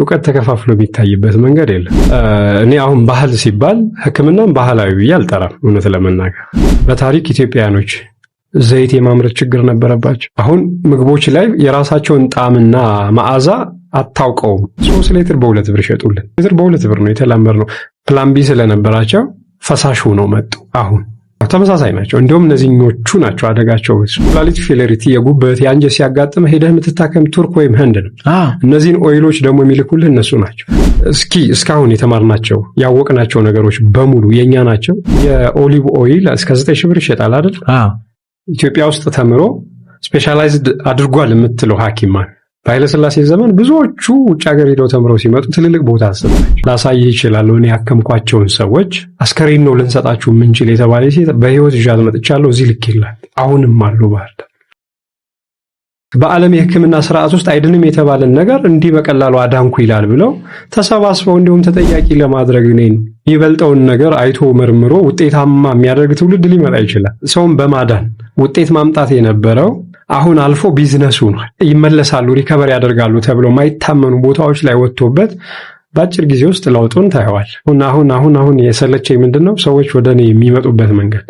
እውቀት ተከፋፍሎ የሚታይበት መንገድ የለም። እኔ አሁን ባህል ሲባል ሕክምናም ባህላዊ ብዬ አልጠራም። እውነት ለመናገር በታሪክ ኢትዮጵያኖች ዘይት የማምረት ችግር ነበረባቸው። አሁን ምግቦች ላይ የራሳቸውን ጣዕምና መዓዛ አታውቀውም። ሶስት ሌትር በሁለት ብር ይሸጡልን። ሌትር በሁለት ብር ነው የተላመር ነው። ፕላምቢ ስለነበራቸው ፈሳሽ ሆነው መጡ አሁን ተመሳሳይ ናቸው። እንዲሁም እነዚህኞቹ ናቸው አደጋቸው። ኩላሊት ፌሌሪቲ፣ የጉበት የአንጀት ሲያጋጥም ሄደህ የምትታከም ቱርክ ወይም ህንድ ነው። እነዚህን ኦይሎች ደግሞ የሚልኩልህ እነሱ ናቸው። እስኪ እስካሁን የተማርናቸው ያወቅናቸው ነገሮች በሙሉ የእኛ ናቸው። የኦሊቭ ኦይል እስከ ዘጠኝ ሺህ ብር ይሸጣል አይደል? ኢትዮጵያ ውስጥ ተምሮ ስፔሻላይዝድ አድርጓል የምትለው ሐኪም በኃይለስላሴ ዘመን ብዙዎቹ ውጭ ሀገር ሄደው ተምረው ሲመጡ ትልልቅ ቦታ አሰጣቸው። ላሳይ ይችላሉ። እኔ ያከምኳቸውን ሰዎች አስከሬን ነው ልንሰጣችሁ የምንችል የተባለ ሴት በህይወት ይዣት መጥቻለሁ። እዚህ ልክ ይላል። አሁንም አሉ ባህር ዳር በዓለም የህክምና ስርዓት ውስጥ አይድንም የተባለን ነገር እንዲህ በቀላሉ አዳንኩ ይላል ብለው ተሰባስበው እንዲሁም ተጠያቂ ለማድረግ እኔን የሚበልጠውን ነገር አይቶ መርምሮ ውጤታማ የሚያደርግ ትውልድ ሊመጣ ይችላል። ሰውን በማዳን ውጤት ማምጣት የነበረው አሁን አልፎ ቢዝነሱ ይመለሳሉ፣ ሪከቨር ያደርጋሉ ተብሎ ማይታመኑ ቦታዎች ላይ ወጥቶበት በአጭር ጊዜ ውስጥ ለውጡን ታየዋል። አሁን አሁን አሁን አሁን የሰለቸኝ ምንድን ነው ሰዎች ወደ እኔ የሚመጡበት መንገድ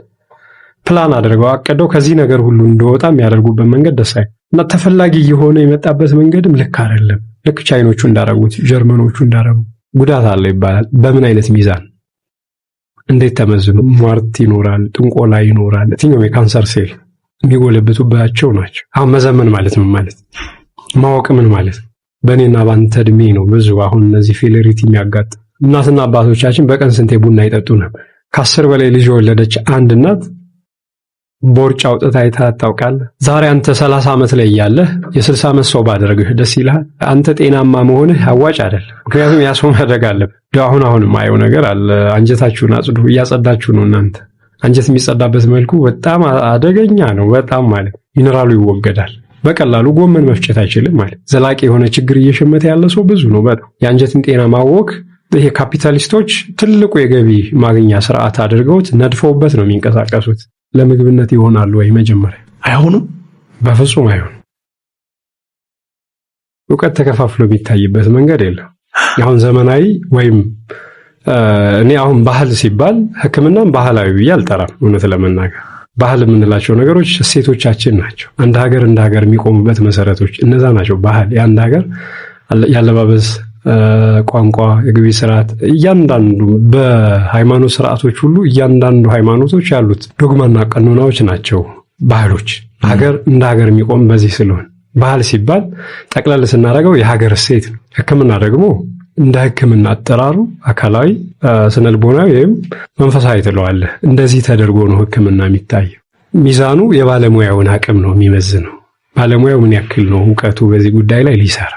ፕላን አድርገው አቅደው ከዚህ ነገር ሁሉ እንደወጣ የሚያደርጉበት መንገድ ደስ አይልም እና ተፈላጊ የሆነ የመጣበት መንገድም ልክ አይደለም። ልክ ቻይኖቹ እንዳረጉት ጀርመኖቹ እንዳረጉ ጉዳት አለ ይባላል። በምን አይነት ሚዛን እንዴት ተመዝኑ? ሟርት ይኖራል፣ ጥንቆላ ይኖራል። የትኛውም የካንሰር ሴል የሚጎለብቱባቸው ናቸው። አሁን መዘመን ማለት ምን ማለት ማወቅ ምን ማለት ነው? በእኔና በአንተ እድሜ ነው ብዙ አሁን እነዚህ ፌሌሪቲ የሚያጋጥም። እናትና አባቶቻችን በቀን ስንቴ ቡና ይጠጡ ነበር? ከአስር በላይ ልጅ የወለደች አንድ እናት ቦርጫ አውጥታ አይታ ዛሬ አንተ ሰላሳ ዓመት ላይ እያለህ የስልሳ ዓመት ሰው ባደረግህ ደስ ይልሃል? አንተ ጤናማ መሆንህ አዋጭ አደል ምክንያቱም ያሰው ማድረግ አለብህ። አሁን አሁን የማየው ነገር አለ። አንጀታችሁን አጽዱ። እያጸዳችሁ ነው እናንተ አንጀት የሚጸዳበት መልኩ በጣም አደገኛ ነው። በጣም ማለት ሚነራሉ ይወገዳል። በቀላሉ ጎመን መፍጨት አይችልም ማለት ዘላቂ የሆነ ችግር እየሸመተ ያለ ሰው ብዙ ነው። በጣም የአንጀትን ጤና ማወክ ይሄ ካፒታሊስቶች ትልቁ የገቢ ማግኛ ስርዓት አድርገውት ነድፈውበት ነው የሚንቀሳቀሱት። ለምግብነት ይሆናሉ ወይ? መጀመሪያ አይሆኑም፣ በፍጹም አይሆኑ። እውቀት ተከፋፍሎ የሚታይበት መንገድ የለም። አሁን ዘመናዊ ወይም እኔ አሁን ባህል ሲባል ህክምናም ባህላዊ ብዬ አልጠራም። እውነት ለመናገር ባህል የምንላቸው ነገሮች እሴቶቻችን ናቸው። አንድ ሀገር እንደ ሀገር የሚቆሙበት መሰረቶች እነዛ ናቸው። ባህል የአንድ ሀገር ያለባበስ፣ ቋንቋ፣ የግቢ ስርዓት እያንዳንዱ በሃይማኖት ስርዓቶች ሁሉ እያንዳንዱ ሃይማኖቶች ያሉት ዶግማና ቀኖናዎች ናቸው። ባህሎች ሀገር እንደ ሀገር የሚቆም በዚህ ስለሆን ባህል ሲባል ጠቅለል ስናደርገው የሀገር እሴት ነው። ህክምና ደግሞ እንደ ህክምና አጠራሩ አካላዊ፣ ስነልቦናዊ ወይም መንፈሳዊ ትለዋለህ። እንደዚህ ተደርጎ ነው ህክምና የሚታየው። ሚዛኑ የባለሙያውን አቅም ነው የሚመዝነው። ባለሙያው ምን ያክል ነው እውቀቱ በዚህ ጉዳይ ላይ ሊሰራ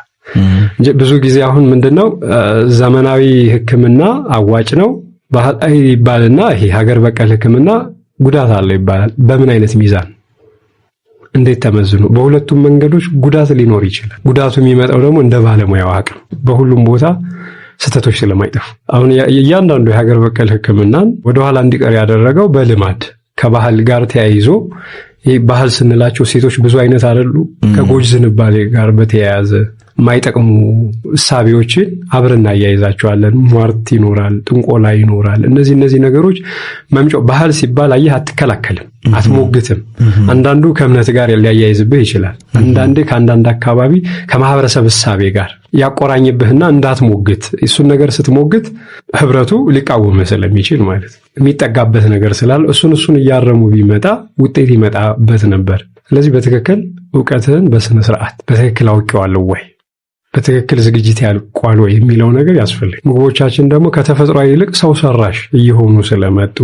እንጂ ብዙ ጊዜ አሁን ምንድነው ዘመናዊ ህክምና አዋጭ ነው ባህላዊ ይባልና ይሄ ሀገር በቀል ህክምና ጉዳት አለው ይባላል። በምን አይነት ሚዛን እንዴት ተመዝኖ? በሁለቱም መንገዶች ጉዳት ሊኖር ይችላል። ጉዳቱ የሚመጣው ደግሞ እንደ ባለሙያው አቅም በሁሉም ቦታ ስህተቶች ስለማይጠፉ አሁን እያንዳንዱ የሀገር በቀል ሕክምናን ወደኋላ እንዲቀር ያደረገው በልማድ ከባህል ጋር ተያይዞ ይህ ባህል ስንላቸው ሴቶች ብዙ አይነት አይደሉ። ከጎጅ ዝንባሌ ጋር በተያያዘ የማይጠቅሙ እሳቤዎችን አብረን እናያይዛቸዋለን። ሟርት ይኖራል፣ ጥንቆላ ይኖራል። እነዚህ እነዚህ ነገሮች መምጫው ባህል ሲባል አየህ፣ አትከላከልም፣ አትሞግትም። አንዳንዱ ከእምነት ጋር ሊያያይዝብህ ይችላል። አንዳንዴ ከአንዳንድ አካባቢ ከማህበረሰብ እሳቤ ጋር ያቆራኝብህና እንዳትሞግት። እሱን ነገር ስትሞግት ህብረቱ ሊቃወምህ ስለሚችል ማለት ነው። የሚጠጋበት ነገር ስላለ እሱን እሱን እያረሙ ቢመጣ ውጤት ይመጣበት ነበር። ስለዚህ በትክክል እውቀትን በስነ ስርዓት በትክክል አውቄዋለሁ ወይ በትክክል ዝግጅት ያልቋል ወይ የሚለው ነገር ያስፈልግ። ምግቦቻችን ደግሞ ከተፈጥሯ ይልቅ ሰው ሰራሽ እየሆኑ ስለመጡ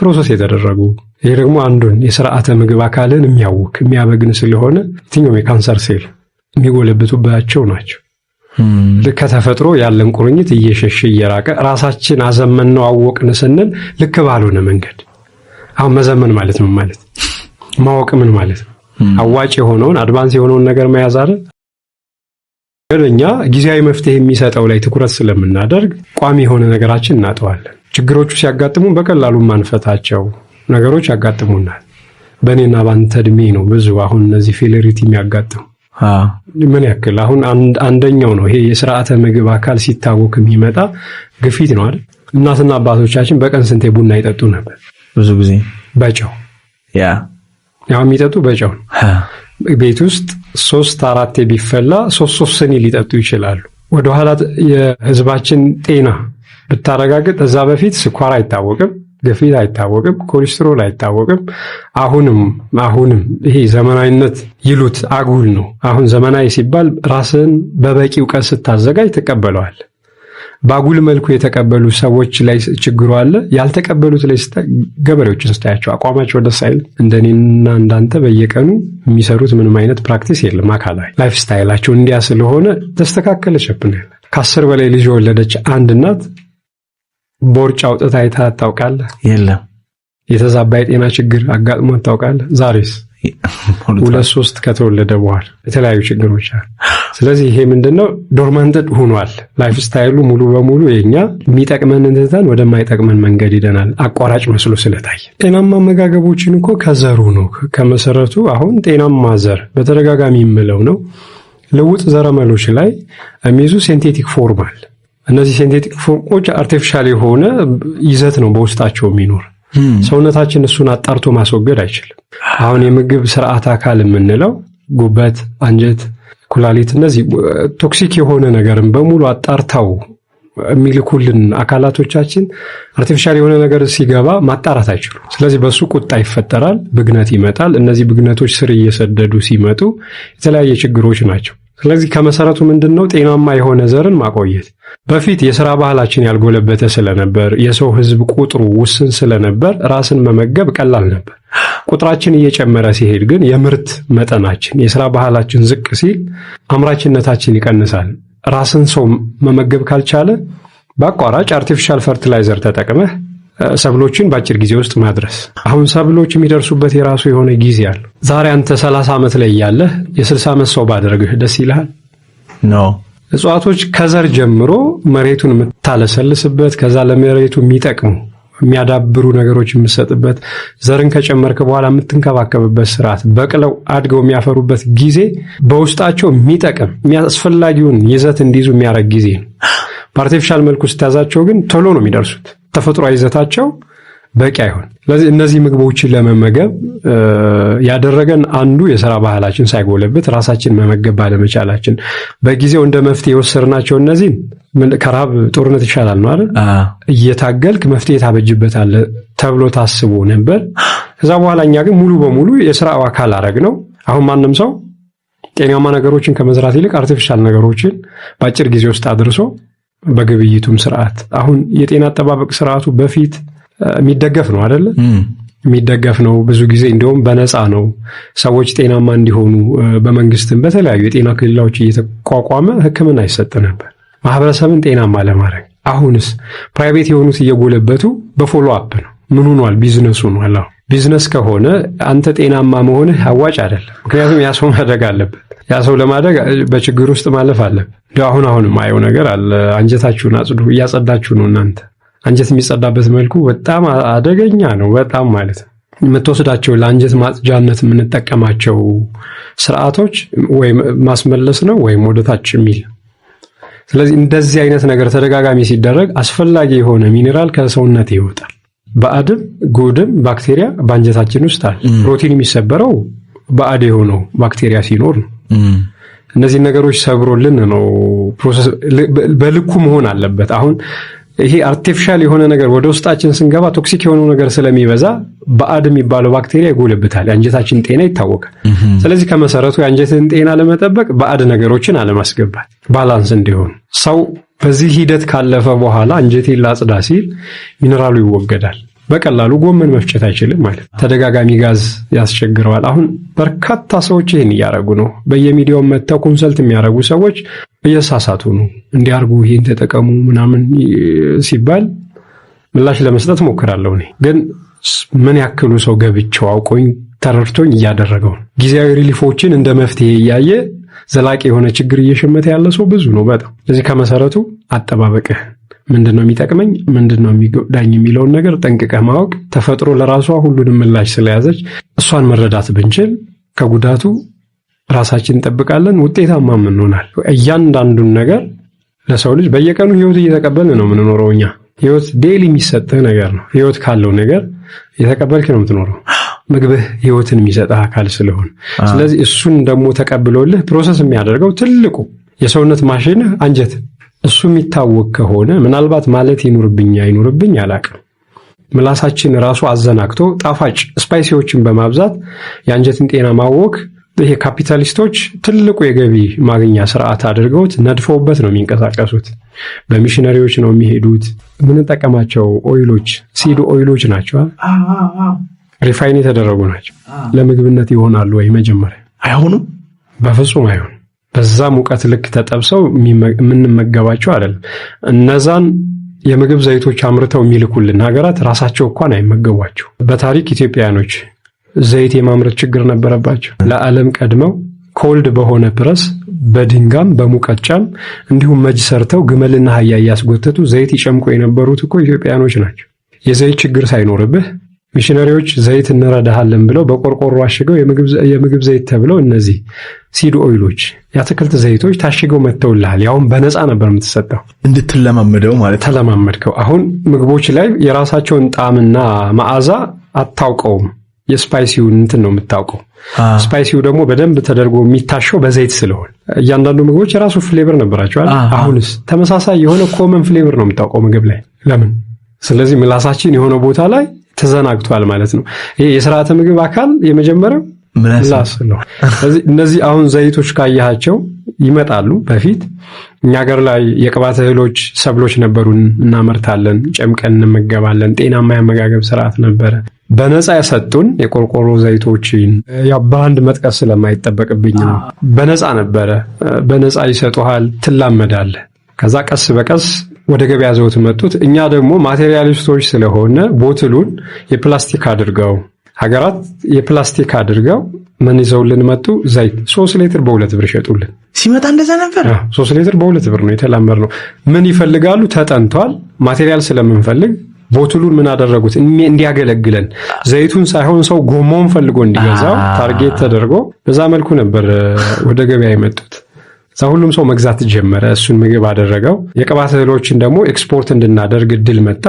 ፕሮሰስ የተደረጉ ይህ ደግሞ አንዱን የስርዓተ ምግብ አካልን የሚያውክ የሚያበግን ስለሆነ የትኛውም የካንሰር ሴል የሚጎለብቱባቸው ናቸው። ልክ ከተፈጥሮ ያለን ቁርኝት እየሸሸ እየራቀ ራሳችን አዘመን ነው አወቅን ስንል ልክ ባልሆነ መንገድ አሁን መዘመን ማለት ምን ማለት ማወቅ ምን ማለት ነው? አዋጭ የሆነውን አድቫንስ የሆነውን ነገር መያዝ አይደል? ግን እኛ ጊዜያዊ መፍትሄ የሚሰጠው ላይ ትኩረት ስለምናደርግ ቋሚ የሆነ ነገራችን እናጠዋለን። ችግሮቹ ሲያጋጥሙን በቀላሉ ማንፈታቸው ነገሮች ያጋጥሙናል። በእኔና ባንተ እድሜ ነው ብዙ አሁን እነዚህ ፌሌሪቲ የሚያጋጥሙ ምን ያክል አሁን አንደኛው ነው ይሄ የስርዓተ ምግብ አካል ሲታወክ የሚመጣ ግፊት ነው አይደል? እናትና አባቶቻችን በቀን ስንቴ ቡና ይጠጡ ነበር? ብዙ ጊዜ በጨው ያ ያው የሚጠጡ በጨው ነው። ቤት ውስጥ ሶስት አራቴ ቢፈላ ሶስት ሶስት ስኒ ሊጠጡ ይችላሉ። ወደኋላ የህዝባችን ጤና ብታረጋግጥ እዛ በፊት ስኳር አይታወቅም። ግፊት አይታወቅም፣ ኮሌስትሮል አይታወቅም። አሁንም አሁንም ይሄ ዘመናዊነት ይሉት አጉል ነው። አሁን ዘመናዊ ሲባል ራስን በበቂ እውቀት ስታዘጋጅ ተቀበለዋል። በአጉል መልኩ የተቀበሉ ሰዎች ላይ ችግሩ አለ። ያልተቀበሉት ላይ ገበሬዎችን ስታያቸው አቋማቸው ደስ አይል። እንደኔና እንዳንተ በየቀኑ የሚሰሩት ምንም አይነት ፕራክቲስ የለም። አካላዊ ላይፍ ስታይላቸው እንዲያ ስለሆነ ተስተካከለ ሸፕናል ከአስር በላይ ልጅ የወለደች አንድ እናት ቦርጭ አውጥታ አይታ ታውቃለህ? የለም። የተዛባ የጤና ችግር አጋጥሞ ታውቃለህ? ዛሬስ ሁለት ሶስት ከተወለደ በኋላ የተለያዩ ችግሮች አሉ። ስለዚህ ይሄ ምንድነው ዶርማንተድ ሆኗል። ላይፍ ስታይሉ ሙሉ በሙሉ የኛ የሚጠቅመን እንትታን ወደማይጠቅመን መንገድ ይደናል፣ አቋራጭ መስሎ ስለታይ። ጤናማ አመጋገቦችን እኮ ከዘሩ ነው ከመሰረቱ። አሁን ጤናማ ዘር በተደጋጋሚ የምለው ነው ልውጥ ዘረመሎች ላይ የሚይዙ ሴንቴቲክ ፎርም አለ እነዚህ ሴንቴቲክ ፎርሞች አርቲፊሻል የሆነ ይዘት ነው በውስጣቸው የሚኖር። ሰውነታችን እሱን አጣርቶ ማስወገድ አይችልም። አሁን የምግብ ስርዓት አካል የምንለው ጉበት፣ አንጀት፣ ኩላሊት እነዚህ ቶክሲክ የሆነ ነገርን በሙሉ አጣርተው የሚልኩልን አካላቶቻችን አርቲፊሻል የሆነ ነገር ሲገባ ማጣራት አይችሉም። ስለዚህ በሱ ቁጣ ይፈጠራል፣ ብግነት ይመጣል። እነዚህ ብግነቶች ስር እየሰደዱ ሲመጡ የተለያየ ችግሮች ናቸው። ስለዚህ ከመሰረቱ ምንድን ነው? ጤናማ የሆነ ዘርን ማቆየት። በፊት የስራ ባህላችን ያልጎለበተ ስለነበር፣ የሰው ህዝብ ቁጥሩ ውስን ስለነበር ራስን መመገብ ቀላል ነበር። ቁጥራችን እየጨመረ ሲሄድ ግን የምርት መጠናችን፣ የስራ ባህላችን ዝቅ ሲል አምራችነታችን ይቀንሳል። ራስን ሰው መመገብ ካልቻለ በአቋራጭ አርቲፊሻል ፈርቲላይዘር ተጠቅመህ ሰብሎችን በአጭር ጊዜ ውስጥ ማድረስ። አሁን ሰብሎች የሚደርሱበት የራሱ የሆነ ጊዜ አለ። ዛሬ አንተ ሰላሳ ዓመት ላይ ያለህ የስልሳ ዓመት ሰው ባደረግህ ደስ ይልሃል? ኖ እጽዋቶች ከዘር ጀምሮ መሬቱን የምታለሰልስበት ከዛ ለመሬቱ የሚጠቅሙ የሚያዳብሩ ነገሮች የምትሰጥበት ዘርን ከጨመርክ በኋላ የምትንከባከብበት ስርዓት በቅለው አድገው የሚያፈሩበት ጊዜ በውስጣቸው የሚጠቅም አስፈላጊውን ይዘት እንዲይዙ የሚያደርግ ጊዜ ነው። በአርቲፊሻል መልኩ ስታያዛቸው ግን ቶሎ ነው የሚደርሱት። ተፈጥሯዊ ይዘታቸው በቂ አይሆን። ስለዚህ እነዚህ ምግቦችን ለመመገብ ያደረገን አንዱ የስራ ባህላችን ሳይጎለብት ራሳችን መመገብ ባለመቻላችን በጊዜው እንደ መፍትሄ የወሰድናቸው እነዚህን ከረሃብ ጦርነት ይሻላል ነው አይደል? እየታገልክ መፍትሄ ታበጅበታለህ ተብሎ ታስቦ ነበር። ከዛ በኋላ እኛ ግን ሙሉ በሙሉ የስራው አካል አረግ ነው። አሁን ማንም ሰው ጤናማ ነገሮችን ከመዝራት ይልቅ አርቲፊሻል ነገሮችን በአጭር ጊዜ ውስጥ አድርሶ በግብይቱም ስርዓት አሁን የጤና አጠባበቅ ስርዓቱ በፊት የሚደገፍ ነው አደለ? የሚደገፍ ነው። ብዙ ጊዜ እንዲሁም በነፃ ነው ሰዎች ጤናማ እንዲሆኑ በመንግስትም በተለያዩ የጤና ክልላዎች እየተቋቋመ ሕክምና ይሰጥ ነበር ማህበረሰብን ጤናማ ለማድረግ። አሁንስ ፕራይቬት የሆኑት እየጎለበቱ በፎሎ አፕ ነው። ምን ሆኗል? ቢዝነሱ ሆኗል። ቢዝነስ ከሆነ አንተ ጤናማ መሆንህ አዋጭ አይደለም። ምክንያቱም ያ ሰው ማድረግ አለበት ያ ሰው ለማደግ በችግር ውስጥ ማለፍ አለ። አሁን አሁን የማየው ነገር አለ። አንጀታችሁን አጽዱ። እያጸዳችሁ ነው እናንተ። አንጀት የሚጸዳበት መልኩ በጣም አደገኛ ነው። በጣም ማለት ነው የምትወስዳቸው ለአንጀት ማጽጃነት የምንጠቀማቸው ስርዓቶች ወይ ማስመለስ ነው ወይም ወደታች የሚል ስለዚህ እንደዚህ አይነት ነገር ተደጋጋሚ ሲደረግ አስፈላጊ የሆነ ሚኔራል ከሰውነት ይወጣል። ባዕድም ጉድም ባክቴሪያ በአንጀታችን ውስጥ አለ። ፕሮቲን የሚሰበረው ባዕድ የሆነው ባክቴሪያ ሲኖር ነው። እነዚህ ነገሮች ሰብሮልን ነው። ፕሮሰስ በልኩ መሆን አለበት። አሁን ይሄ አርቲፊሻል የሆነ ነገር ወደ ውስጣችን ስንገባ ቶክሲክ የሆነው ነገር ስለሚበዛ በአድ የሚባለው ባክቴሪያ ይጎልብታል የአንጀታችን ጤና ይታወቃል። ስለዚህ ከመሰረቱ የአንጀትን ጤና ለመጠበቅ በአድ ነገሮችን አለማስገባት፣ ባላንስ እንዲሆን ሰው በዚህ ሂደት ካለፈ በኋላ አንጀቴን ላጽዳ ሲል ሚነራሉ ይወገዳል። በቀላሉ ጎመን መፍጨት አይችልም ማለት ነው። ተደጋጋሚ ጋዝ ያስቸግረዋል። አሁን በርካታ ሰዎች ይህን እያደረጉ ነው። በየሚዲያው መጥተው ኮንሰልት የሚያደርጉ ሰዎች እየሳሳቱ ነው። እንዲያርጉ ይህን ተጠቀሙ ምናምን ሲባል ምላሽ ለመስጠት ሞክራለሁ። እኔ ግን ምን ያክሉ ሰው ገብቸው አውቆኝ ተረድቶኝ እያደረገው ነው። ጊዜያዊ ሪሊፎችን እንደ መፍትሄ እያየ ዘላቂ የሆነ ችግር እየሸመተ ያለ ሰው ብዙ ነው በጣም። ስለዚህ ከመሰረቱ አጠባበቅህ ምንድን ነው የሚጠቅመኝ፣ ምንድን ነው የሚጎዳኝ የሚለውን ነገር ጠንቅቀህ ማወቅ፣ ተፈጥሮ ለራሷ ሁሉንም ምላሽ ስለያዘች እሷን መረዳት ብንችል ከጉዳቱ ራሳችን እንጠብቃለን፣ ውጤታማም እንሆናል። እያንዳንዱን ነገር ለሰው ልጅ በየቀኑ ህይወት እየተቀበልን ነው የምንኖረው። እኛ ህይወት ዴይሊ የሚሰጥህ ነገር ነው። ህይወት ካለው ነገር እየተቀበልክ ነው የምትኖረው። ምግብህ ህይወትን የሚሰጥህ አካል ስለሆን፣ ስለዚህ እሱን ደግሞ ተቀብሎልህ ፕሮሰስ የሚያደርገው ትልቁ የሰውነት ማሽንህ አንጀት እሱ የሚታወቅ ከሆነ ምናልባት ማለት ይኑርብኝ አይኑርብኝ አላቅም። ምላሳችን ራሱ አዘናግቶ ጣፋጭ ስፓይሲዎችን በማብዛት የአንጀትን ጤና ማወክ ይሄ ካፒታሊስቶች ትልቁ የገቢ ማግኛ ስርዓት አድርገውት ነድፈውበት ነው የሚንቀሳቀሱት። በሚሽነሪዎች ነው የሚሄዱት። የምንጠቀማቸው ኦይሎች ሲድ ኦይሎች ናቸው፣ ሪፋይን የተደረጉ ናቸው። ለምግብነት ይሆናሉ ወይ? መጀመሪያ አይሆኑም፣ በፍጹም አይሆን በዛ ሙቀት ልክ ተጠብሰው የምንመገባቸው አይደለም። እነዛን የምግብ ዘይቶች አምርተው የሚልኩልን ሀገራት ራሳቸው እንኳን አይመገቧቸው። በታሪክ ኢትዮጵያውያኖች ዘይት የማምረት ችግር ነበረባቸው። ለዓለም ቀድመው ኮልድ በሆነ ፕረስ በድንጋም በሙቀጫም እንዲሁም መጅ ሰርተው ግመልና አህያ እያስጎተቱ ዘይት ይጨምቁ የነበሩት እኮ ኢትዮጵያውያኖች ናቸው። የዘይት ችግር ሳይኖርብህ ሚሽነሪዎች ዘይት እንረዳሃለን ብለው በቆርቆሮ አሽገው የምግብ ዘይት ተብለው እነዚህ ሲድ ኦይሎች፣ የአትክልት ዘይቶች ታሽገው መጥተውልሃል። ያውም በነፃ ነበር የምትሰጠው እንድትለማመደው ማለት ተለማመድከው። አሁን ምግቦች ላይ የራሳቸውን ጣዕምና መዓዛ አታውቀውም። የስፓይሲውን እንትን ነው የምታውቀው። ስፓይሲው ደግሞ በደንብ ተደርጎ የሚታሸው በዘይት ስለሆን እያንዳንዱ ምግቦች የራሱ ፍሌቨር ነበራቸዋል። አሁንስ ተመሳሳይ የሆነ ኮመን ፍሌቨር ነው የምታውቀው ምግብ ላይ ለምን? ስለዚህ ምላሳችን የሆነ ቦታ ላይ ተዘናግቷል ማለት ነው። ይሄ የስርዓተ ምግብ አካል የመጀመሪያው ምላስ ነው። እነዚህ አሁን ዘይቶች ካያቸው ይመጣሉ። በፊት እኛ ሀገር ላይ የቅባት እህሎች ሰብሎች ነበሩን፣ እናመርታለን፣ ጨምቀን እንመገባለን። ጤናማ የአመጋገብ ስርዓት ነበረ። በነፃ የሰጡን የቆርቆሮ ዘይቶችን ያው በአንድ መጥቀስ ስለማይጠበቅብኝ ነው። በነፃ ነበረ። በነፃ ይሰጡሃል፣ ትላመዳለህ። ከዛ ቀስ በቀስ ወደ ገበያ ዘውት መጡት። እኛ ደግሞ ማቴሪያሊስቶች ስለሆነ ቦትሉን የፕላስቲክ አድርገው ሀገራት የፕላስቲክ አድርገው ምን ይዘውልን መጡ? ዘይት ሶስት ሌትር በሁለት ብር ይሸጡልን። ሲመጣ እንደዛ ነበር። ሶስት ሌትር በሁለት ብር ነው የተላመር ነው። ምን ይፈልጋሉ? ተጠንቷል። ማቴሪያል ስለምንፈልግ ቦትሉን ምን አደረጉት? እንዲያገለግለን ዘይቱን ሳይሆን ሰው ጎማውን ፈልጎ እንዲገዛው ታርጌት ተደርጎ በዛ መልኩ ነበር ወደ ገበያ የመጡት። እዛ ሁሉም ሰው መግዛት ጀመረ። እሱን ምግብ አደረገው። የቅባት እህሎችን ደግሞ ኤክስፖርት እንድናደርግ እድል መጣ።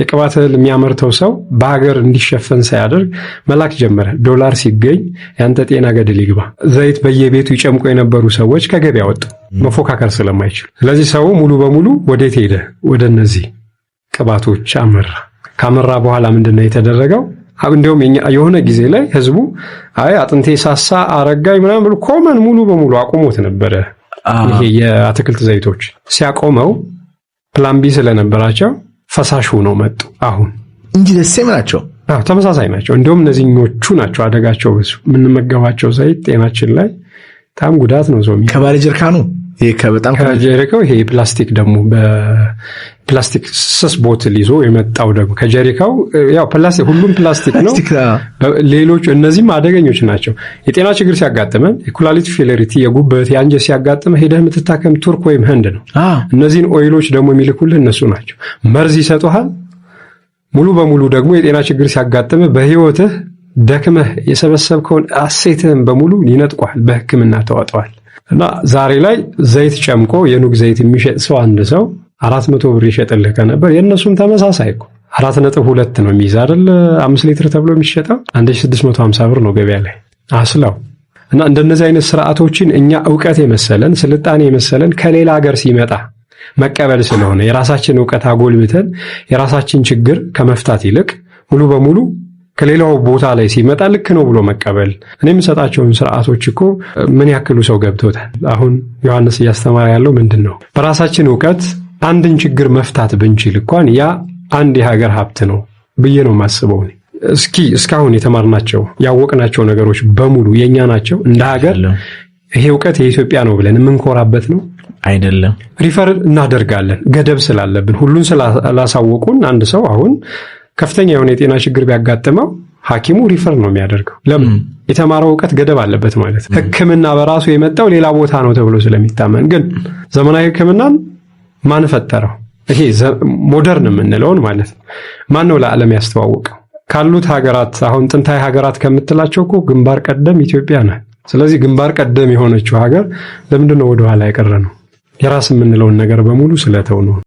የቅባት እህል የሚያመርተው ሰው በሀገር እንዲሸፈን ሳያደርግ መላክ ጀመረ። ዶላር ሲገኝ ያንተ ጤና ገድል ይግባ። ዘይት በየቤቱ ይጨምቁ የነበሩ ሰዎች ከገበያ ወጡ፣ መፎካከር ስለማይችሉ። ስለዚህ ሰው ሙሉ በሙሉ ወዴት ሄደ? ወደ እነዚህ ቅባቶች አመራ። ካመራ በኋላ ምንድን ነው የተደረገው? እንዲሁም የሆነ ጊዜ ላይ ህዝቡ አይ አጥንቴ ሳሳ አረጋኝ ምናምን ብሎ ኮመን ሙሉ በሙሉ አቁሞት ነበረ። ይሄ የአትክልት ዘይቶች ሲያቆመው ፕላምቢ ስለነበራቸው ፈሳሽ ሆነው መጡ። አሁን እንጂ ደሴም ናቸው፣ ተመሳሳይ ናቸው። እንዲሁም እነዚህኞቹ ናቸው አደጋቸው ምንመገባቸው የምንመገባቸው ዘይት ጤናችን ላይ በጣም ጉዳት ነው። ዞሚ ከባለ ጀሪካኑ በጣም ከጀሪካው ይሄ ፕላስቲክ ደግሞ በፕላስቲክ ስስ ቦትል ይዞ የመጣው ደግሞ ከጀሪካው ያው ፕላስቲክ ሁሉም ፕላስቲክ ነው። ሌሎቹ እነዚህም አደገኞች ናቸው። የጤና ችግር ሲያጋጥመን የኩላሊት ፌለሪቲ፣ የጉበት፣ የአንጀት ሲያጋጥመ ሄደህ የምትታከም ቱርክ ወይም ህንድ ነው። እነዚህን ኦይሎች ደግሞ የሚልኩልህ እነሱ ናቸው። መርዝ ይሰጡሃል። ሙሉ በሙሉ ደግሞ የጤና ችግር ሲያጋጥመ በህይወትህ ደክመህ የሰበሰብከውን አሴትህን በሙሉ ይነጥቋል። በህክምና ተዋጠዋል። እና ዛሬ ላይ ዘይት ጨምቆ የኑግ ዘይት የሚሸጥ ሰው አንድ ሰው አራት መቶ ብር ይሸጥልህ ከነበር የእነሱም ተመሳሳይ እኮ አራት ነጥብ ሁለት ነው የሚይዝ አይደል? አምስት ሊትር ተብሎ የሚሸጠው አንድ ሺህ ስድስት መቶ ሀምሳ ብር ነው ገበያ ላይ አስለው እና እንደነዚህ አይነት ስርዓቶችን እኛ እውቀት የመሰለን ስልጣኔ የመሰለን ከሌላ ሀገር ሲመጣ መቀበል ስለሆነ የራሳችን እውቀት አጎልብተን የራሳችን ችግር ከመፍታት ይልቅ ሙሉ በሙሉ ከሌላው ቦታ ላይ ሲመጣ ልክ ነው ብሎ መቀበል። እኔ የምሰጣቸውን ስርዓቶች እኮ ምን ያክሉ ሰው ገብቶታል? አሁን ዮሐንስ እያስተማረ ያለው ምንድን ነው? በራሳችን እውቀት አንድን ችግር መፍታት ብንችል እንኳን ያ አንድ የሀገር ሀብት ነው ብዬ ነው የማስበው። እስኪ እስካሁን የተማርናቸው ያወቅናቸው ነገሮች በሙሉ የእኛ ናቸው እንደ ሀገር ይሄ እውቀት የኢትዮጵያ ነው ብለን የምንኮራበት ነው አይደለም። ሪፈር እናደርጋለን ገደብ ስላለብን ሁሉን ስላላሳወቁን አንድ ሰው አሁን ከፍተኛ የሆነ የጤና ችግር ቢያጋጥመው ሐኪሙ ሪፈር ነው የሚያደርገው። ለምን የተማረው እውቀት ገደብ አለበት ማለት ነው። ሕክምና በራሱ የመጣው ሌላ ቦታ ነው ተብሎ ስለሚታመን፣ ግን ዘመናዊ ሕክምናን ማን ፈጠረው? ይሄ ሞደርን የምንለውን ማለት ነው። ማን ነው ለዓለም ያስተዋወቀው? ካሉት ሀገራት አሁን ጥንታዊ ሀገራት ከምትላቸው እኮ ግንባር ቀደም ኢትዮጵያ ናት። ስለዚህ ግንባር ቀደም የሆነችው ሀገር ለምንድን ነው ወደኋላ የቀረ ነው? የራስ የምንለውን ነገር በሙሉ ስለተው ነው።